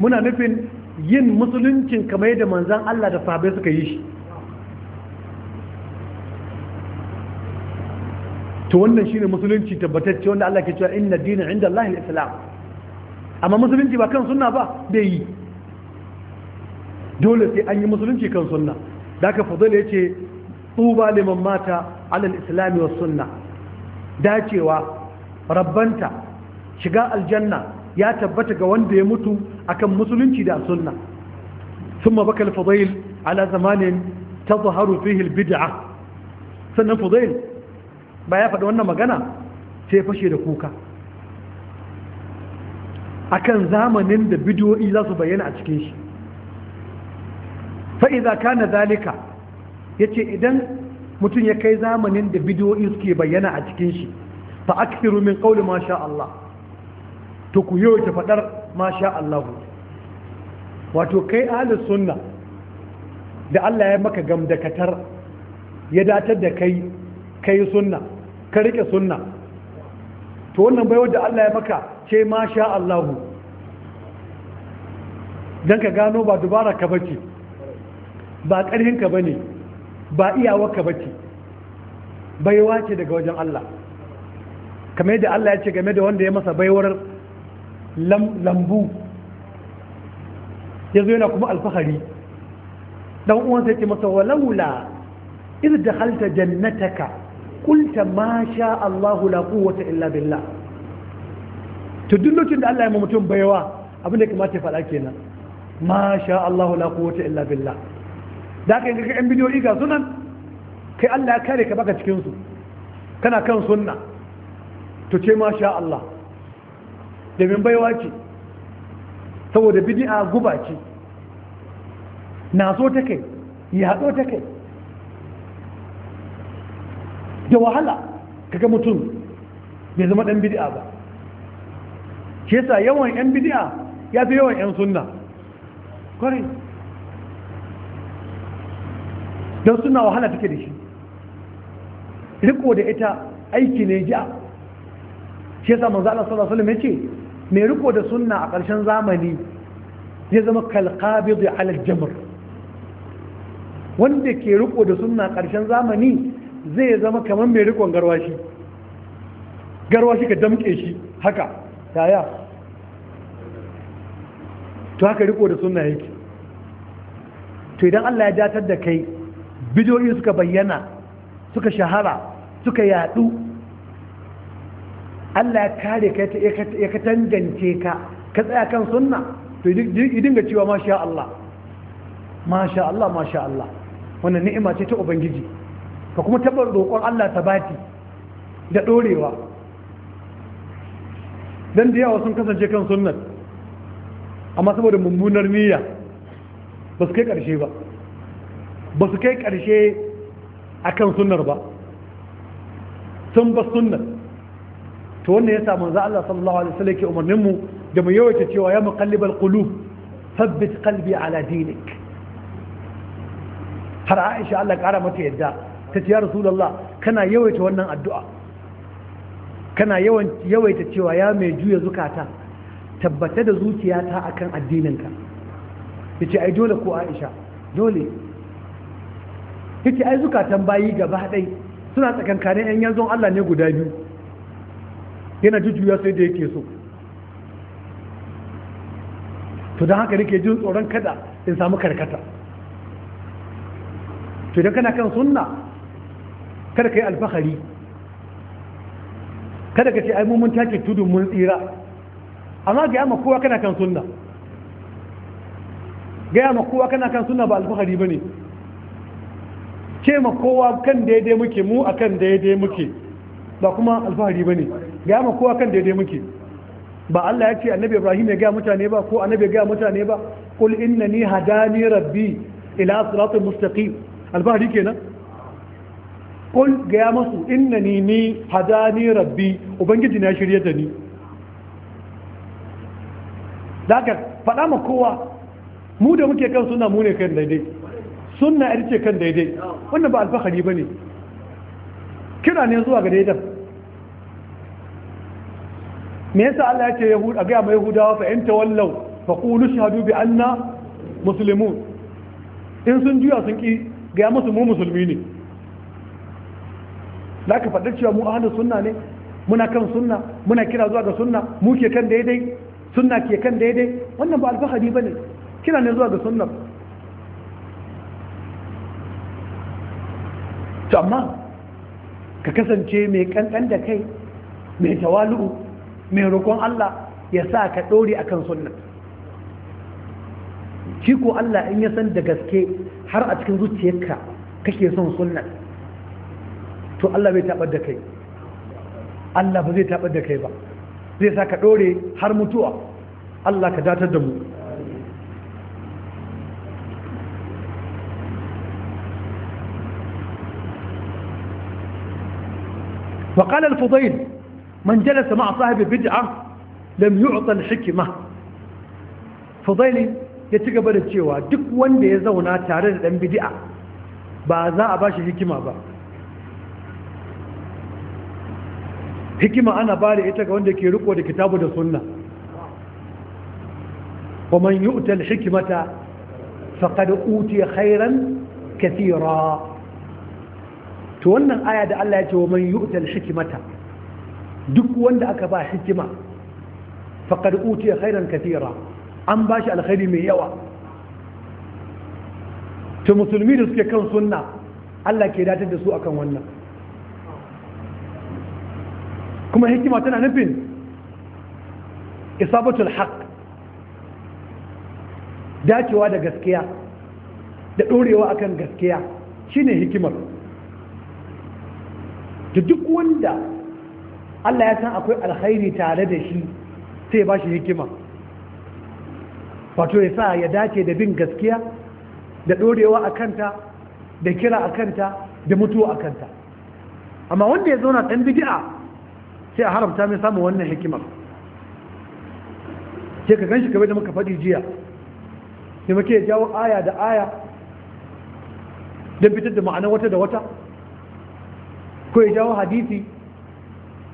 muna nufin yin musuluncin kamar yadda manzan Allah da sahabai suka yi shi to wannan shine musulunci tabbatacce wanda Allah ke cewa inna dina inda Allah islam amma musulunci ba kan sunna ba bai yi dole sai an yi musulunci kan sunna da aka fadala ya ce tsuba liman mata alal islami wa sunna dacewa rabbanta shiga aljanna ya tabbata ga wanda ya mutu akan musulunci da sunna thumma baka al ala zamanin tazharu fihi al-bid'ah sannan fudayl ba ya faɗi wannan magana sai fashe da kuka akan zamanin da bidiyoyi za su bayyana a cikin shi fa'iza ka na zalika ya ce idan mutum ya kai zamanin da bidiyoyi suke bayyana a cikin shi fa aksiru ƙauli masha Allah to ku yau ta faɗar masha Allah wato kai ahli sunna da Allah ya maka gamdakatar ya datar da kai kai sunna ka rike sunna to wannan bai da Allah ya maka ce masha Allah dan ka gano ba dubara ka bace ba ƙarhin ka bane ba iyawa ka bace baiwa ce daga wajen Allah kamar yadda Allah ya ce game da wanda ya masa baiwar lambu ya zo yana kuma alfahari dan uwansa ce masa walaula iz halta jannataka kulta, ma sha Allahu la quwwata illa billah to duk lokacin da Allah ya mutum baiwa abin da kamata ya faɗa kenan ma sha Allah la kowace illa billah da kai ga yan bidiyoyi ga sunan kai Allah ya kare ka baka cikin su kana kan sunna to ce ma sha Allah domin baiwa ce saboda bidi'a guba ce na so ta kai yaɗo ta kai da wahala kaga mutum bai zama ɗan bidi'a ba ke sa yawan 'yan bidi'a ya fi yawan 'yan sunna kwarai don suna wahala take da shi riko da ita aiki ne ja shi ke sa manzana sallallahu alaihi wasallam ce. mai riko da sunna a ƙarshen zamani ya zama kalqabid da jamr wanda ke riko da sunna a ƙarshen zamani zai zama kamar mai rikon garwashi garwashi ka damke shi haka yaya to haka riko da sunna yake to idan Allah ya datar da kai bidiyoyi suka bayyana suka shahara suka yadu Allah ya kare ka ya ka tangance ka ka tsaya kan sunna to yi dinga cewa masha Allah masha Allah masha Allah wannan ni'ima ce ta ubangiji ka kuma tabbar roƙon Allah ta bati. da ɗorewa. dan da yawa sun kasance kan sunna amma saboda mummunar niyya ba su kai ƙarshe ba ba su kai ƙarshe akan sunnar ba sun ba sunnar to wannan yasa manzo Allah sallallahu alaihi wasallam yake umarnin mu da mu yawaita cewa ya muqallibal qulub thabbit qalbi ala dinik har Aisha Allah kara mata yadda ta ce ya rasulullah kana yawaita wannan addu'a kana yawaita cewa ya mai juya zukata tabbata da zuciyata akan addininka yace ai dole ko Aisha dole yace ai zukatan bayi gaba ɗaya suna tsakankanin yan yanzu Allah ne guda biyu yana jujjuya sai da yake so to don haka nake jin tsoron kada in samu karkata to idan kana kan sunna kada ka yi alfahari kada ka ce ai mun take tudun mun tsira amma ga yamma kowa kana kan sunna ga yamma kowa kana kan sunna ba alfahari ba ne, ce ma kowa kan daidai muke mu a kan daidai muke ba kuma alfahari bane ga mu kowa kan daidai muke ba Allah ya ce annabi Ibrahim ya ga mutane ba ko annabi ya ga mutane ba qul innani hadani rabbi ila siratin mustaqim albahri kenan kul ga musu innani ni hadani rabbi ubangiji na shirye da ni daga fada ma kowa mu da muke kan suna mu ne kan daidai sunna ita ce kan daidai wannan ba alfahari bane kira ne zuwa ga daidai. me yasa Allah ya ce yahud a ga mai yahudawa fa in wallau fa qulu shahadu bi anna muslimun in sun juya sun ki ga musu mu musulmi ne laka ka cewa mu ahlus sunna ne muna kan sunna muna kira zuwa ga sunna mu ke kan daidai sunna ke kan daidai wannan ba alfahari bane kira ne zuwa ga sunna to amma ka kasance mai kankan da kai mai tawalu'u mai roƙon Allah ya sa ka ɗore a kan sunna shi ko Allah in ya san da gaske har a cikin zuciyarka kake son sunna to Allah bai taɓar da kai Allah ba zai taɓar da kai ba zai sa ka ɗore har mutuwa Allah ka datar da mu وقال الفضيل من جلس مع صاحب بدعة لم يعطى الحكمة فضيلي يتقبل الجيوة دك وان دي زونا تارد لن بدعة بازا أباش حكمة با حكمة أنا بالي إتك وان دي كيرك ودي كتاب ودي سنة ومن يؤتى الحكمة فقد أوتي خيرا كثيرا تولنا آية الله يتوى من يؤتى الحكمة duk wanda aka ba hikima faqad utiya khairan kafira an ba shi alkhairi mai yawa ta musulmi da suke kan sunna Allah ke datar da su akan wannan kuma hikima tana nufin isabatul haqq dacewa da gaskiya da ɗorewa akan gaskiya shine hikimar da duk wanda Allah ya san akwai alkhairi tare da shi sai ba shi hikima wato ya sa ya dace da bin gaskiya da ɗorewa a kanta da kira a kanta da mutuwa a kanta amma wanda ya zauna ɗan bidi'a sai a haramta mai samun wannan hikimar sai ka ganshi kamar da muka faɗi jiya sai muke jawo aya da aya don fitar da ma'ana wata da wata ko ya jawo hadisi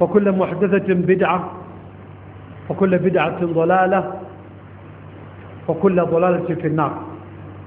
وكل محدثة بدعة وكل بدعة ضلالة وكل ضلالة في النار